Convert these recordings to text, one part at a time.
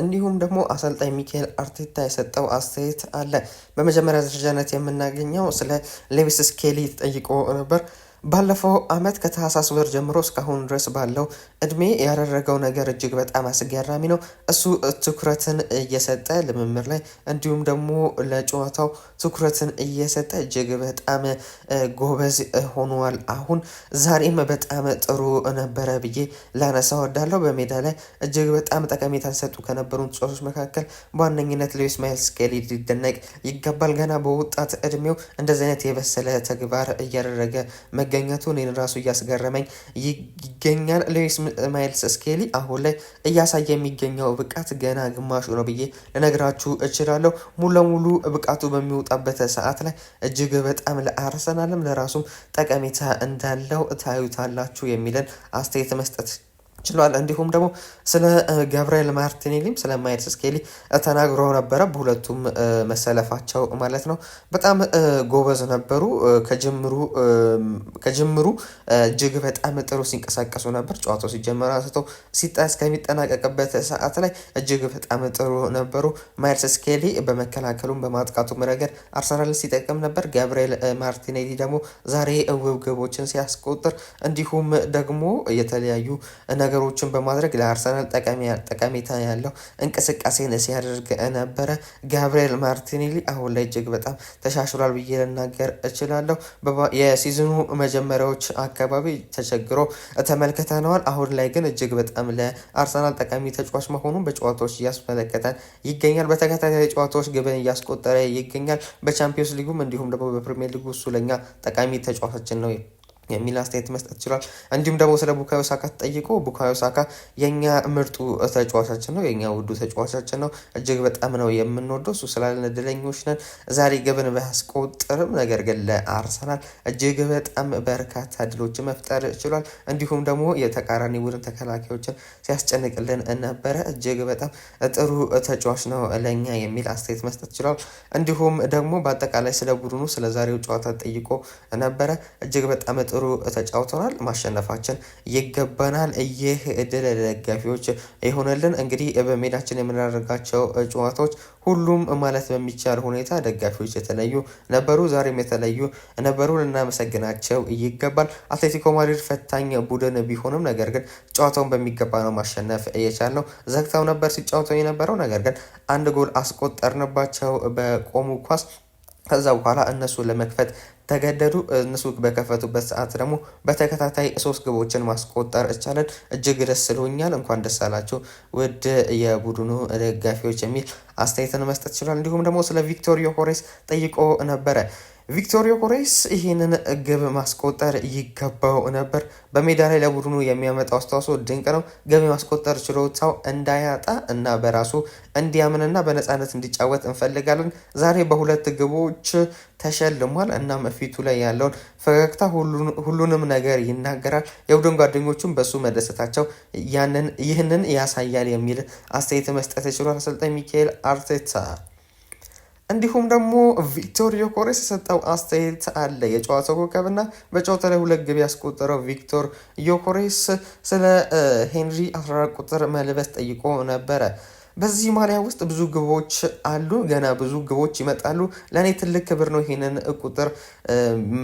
እንዲሁም ደግሞ አሰልጣኝ ሚካኤል አርቴታ የሰጠው አስተያየት አለ። በመጀመሪያ ደረጃነት የምናገኘው ስለ ሌዊስ ስኬሊ ተጠይቆ ነበር። ባለፈው ዓመት ከታህሳስ ወር ጀምሮ እስካሁን ድረስ ባለው እድሜ ያደረገው ነገር እጅግ በጣም አስገራሚ ነው። እሱ ትኩረትን እየሰጠ ልምምር ላይ እንዲሁም ደግሞ ለጨዋታው ትኩረትን እየሰጠ እጅግ በጣም ጎበዝ ሆኗል። አሁን ዛሬም በጣም ጥሩ ነበረ ብዬ ላነሳ ወዳለው በሜዳ ላይ እጅግ በጣም ጠቀሜታን ሰጡ ከነበሩ ተጫዋቾች መካከል በዋነኝነት ሉዊስ ማይልስ ስኬሊ ሊደነቅ ይገባል። ገና በወጣት እድሜው እንደዚህ አይነት የበሰለ ተግባር እያደረገ መገኘቱ እኔን ራሱ እያስገረመኝ ይገኛል። ሌዊስ ማይልስ ስኬሊ አሁን ላይ እያሳየ የሚገኘው ብቃት ገና ግማሹ ነው ብዬ ልነግራችሁ እችላለሁ። ሙሉ ለሙሉ ብቃቱ በሚወጣበት ሰዓት ላይ እጅግ በጣም ለአርሰናልም ለራሱም ጠቀሜታ እንዳለው ታዩታላችሁ የሚለን አስተያየት መስጠት ችሏል። እንዲሁም ደግሞ ስለ ገብርኤል ማርቲኔሊም ስለ ማይልስ ስኬሊ ተናግሮ ነበረ። በሁለቱም መሰለፋቸው ማለት ነው። በጣም ጎበዝ ነበሩ። ከጅምሩ እጅግ በጣም ጥሩ ሲንቀሳቀሱ ነበር። ጨዋታው ሲጀመር አንስቶ ሲጣ እስከሚጠናቀቅበት ሰዓት ላይ እጅግ በጣም ጥሩ ነበሩ። ማይልስ ስኬሊ በመከላከሉም በማጥቃቱም ረገድ አርሰናል ሲጠቅም ነበር። ገብርኤል ማርቲኔሊ ደግሞ ዛሬ ውብ ግቦችን ሲያስቆጥር እንዲሁም ደግሞ የተለያዩ ነገሮችን በማድረግ ለአርሰናል ጠቀሜታ ያለው እንቅስቃሴን ሲያደርግ ነበረ። ጋብርኤል ማርቲኔሊ አሁን ላይ እጅግ በጣም ተሻሽሏል ብዬ ልናገር እችላለሁ። የሲዝኑ መጀመሪያዎች አካባቢ ተቸግሮ ተመልክተነዋል። አሁን ላይ ግን እጅግ በጣም ለአርሰናል ጠቃሚ ተጫዋች መሆኑን በጨዋታዎች እያስመለከተን ይገኛል። በተከታታይ ጨዋታዎች ግብን እያስቆጠረ ይገኛል። በቻምፒዮንስ ሊጉም እንዲሁም ደግሞ በፕሪሚየር ሊጉ እሱ ለኛ ጠቃሚ ተጫዋቻችን ነው። የሚል አስተያየት መስጠት ይችላል። እንዲሁም ደግሞ ስለ ቡካዮ ሳካ ተጠይቆ ቡካዮ ሳካ የኛ ምርጡ ተጫዋቻችን ነው፣ የኛ ውዱ ተጫዋቻችን ነው፣ እጅግ በጣም ነው የምንወደው። እሱ ስላለን እድለኞች ነን። ዛሬ ግብን ባያስቆጥርም ነገር ግን ለአርሰናል እጅግ በጣም በርካታ ድሎች መፍጠር ችሏል። እንዲሁም ደግሞ የተቃራኒ ቡድን ተከላካዮችን ሲያስጨንቅልን ነበረ። እጅግ በጣም ጥሩ ተጫዋች ነው ለእኛ የሚል አስተያየት መስጠት ችሏል። እንዲሁም ደግሞ በአጠቃላይ ስለ ቡድኑ ስለዛሬው ጨዋታ ጠይቆ ነበረ። እጅግ በጣም ጥሩ ጥሩ ተጫውተናል። ማሸነፋችን ይገባናል። ይህ እድል ደጋፊዎች ይሆነልን። እንግዲህ በሜዳችን የምናደርጋቸው ጨዋታዎች ሁሉም ማለት በሚቻል ሁኔታ ደጋፊዎች የተለዩ ነበሩ፣ ዛሬም የተለዩ ነበሩ። ልናመሰግናቸው ይገባል። አትሌቲኮ ማድሪድ ፈታኝ ቡድን ቢሆንም ነገር ግን ጨዋታውን በሚገባ ነው ማሸነፍ ነው። ዘግተው ነበር ሲጫወቱ የነበረው ነገር ግን አንድ ጎል አስቆጠርንባቸው በቆሙ ኳስ። ከዛ በኋላ እነሱ ለመክፈት ተገደዱ። እነሱ በከፈቱበት ሰዓት ደግሞ በተከታታይ ሶስት ግቦችን ማስቆጠር እቻለን። እጅግ ደስ ብሎኛል። እንኳን ደስ አላችሁ ውድ የቡድኑ ደጋፊዎች የሚል አስተያየትን መስጠት ችሏል። እንዲሁም ደግሞ ስለ ቪክቶር ሆሬስ ጠይቆ ነበረ። ቪክቶሪዮ ኮሬስ ይህንን ግብ ማስቆጠር ይገባው ነበር። በሜዳ ላይ ለቡድኑ የሚያመጣው አስተዋጽኦ ድንቅ ነው። ግብ ማስቆጠር ችሎታው እንዳያጣ እና በራሱ እንዲያምንና በነፃነት እንዲጫወት እንፈልጋለን። ዛሬ በሁለት ግቦች ተሸልሟል። እናም ፊቱ ላይ ያለውን ፈገግታ ሁሉንም ነገር ይናገራል። የቡድን ጓደኞቹም በሱ መደሰታቸው ያንን ይህንን ያሳያል የሚል አስተያየት መስጠት ይችሏል አሰልጣኝ ሚካኤል አርቴታ እንዲሁም ደግሞ ቪክቶር ዮኮሬስ የሰጠው አስተያየት አለ። የጨዋታው ኮከብና በጨዋታ ላይ ሁለት ግብ ያስቆጠረው ቪክቶር ዮኮሬስ ስለ ሄንሪ 14 ቁጥር መልበስ ጠይቆ ነበረ። በዚህ ማሊያ ውስጥ ብዙ ግቦች አሉ፣ ገና ብዙ ግቦች ይመጣሉ። ለእኔ ትልቅ ክብር ነው ይህንን ቁጥር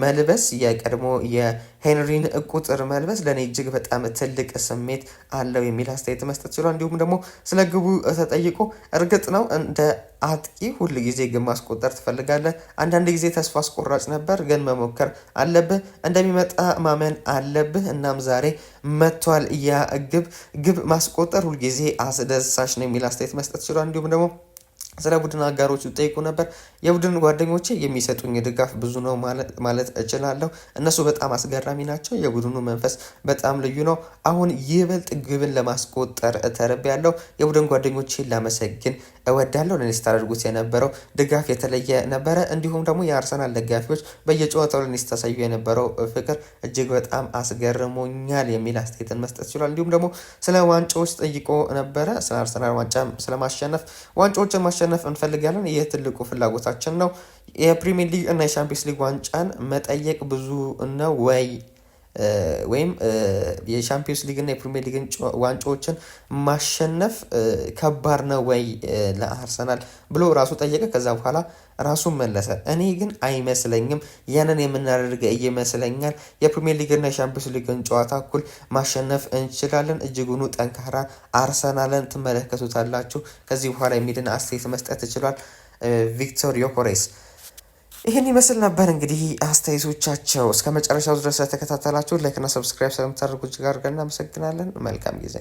መልበስ፣ የቀድሞ የሄንሪን ቁጥር መልበስ ለእኔ እጅግ በጣም ትልቅ ስሜት አለው የሚል አስተያየት መስጠት ችሏል። እንዲሁም ደግሞ ስለ ግቡ ተጠይቆ እርግጥ ነው እንደ አጥቂ ሁል ጊዜ ግን ማስቆጠር ትፈልጋለህ። አንዳንድ ጊዜ ተስፋ አስቆራጭ ነበር፣ ግን መሞከር አለብህ። እንደሚመጣ ማመን አለብህ። እናም ዛሬ መጥቷል ያ ግብ። ግብ ማስቆጠር ሁልጊዜ አስደሳች ነው የሚል አስተያየት መስጠት ችሏል። እንዲሁም ደግሞ ስለ ቡድን አጋሮች ጠይቁ ነበር። የቡድን ጓደኞቼ የሚሰጡኝ ድጋፍ ብዙ ነው ማለት እችላለሁ። እነሱ በጣም አስገራሚ ናቸው። የቡድኑ መንፈስ በጣም ልዩ ነው። አሁን ይበልጥ ግብን ለማስቆጠር ተርቤያለሁ። የቡድን ጓደኞቼን ላመሰግን እወዳለሁ። ለእኔ ስታደርጉት የነበረው ድጋፍ የተለየ ነበረ። እንዲሁም ደግሞ የአርሰናል ደጋፊዎች በየጨዋታው ለእኔ ስታሳዩ የነበረው ፍቅር እጅግ በጣም አስገርሞኛል የሚል አስተያየትን መስጠት ችሏል። እንዲሁም ደግሞ ስለ ዋንጫዎች ጠይቆ ነበረ። ስለ አርሰናል ዋንጫ ስለማሸነፍ ዋንጫዎችን ማሸነፍ ማሸነፍ እንፈልጋለን። ይህ ትልቁ ፍላጎታችን ነው። የፕሪሚየር ሊግ እና የቻምፒየንስ ሊግ ዋንጫን መጠየቅ ብዙ ነው ወይ ወይም የሻምፒዮንስ ሊግና የፕሪሚየር ሊግን ዋንጫዎችን ማሸነፍ ከባድ ነው ወይ ለአርሰናል ብሎ ራሱ ጠየቀ። ከዛ በኋላ ራሱ መለሰ። እኔ ግን አይመስለኝም ያንን የምናደርገ ይመስለኛል። የፕሪሚየር ሊግና የሻምፒዮንስ ሊግን ጨዋታ እኩል ማሸነፍ እንችላለን። እጅጉኑ ጠንካራ አርሰናልን ትመለከቱታላችሁ። ከዚህ በኋላ የሚድን አስተያየት መስጠት ይችሏል ቪክቶር ዮኮሬስ ይህን ይመስል ነበር እንግዲህ አስተያየቶቻቸው። እስከ መጨረሻው ድረስ ለተከታተላችሁ ላይክና ሰብስክራይብ ስለምታደርጉ እጅግ አድርገን እናመሰግናለን። መልካም ጊዜ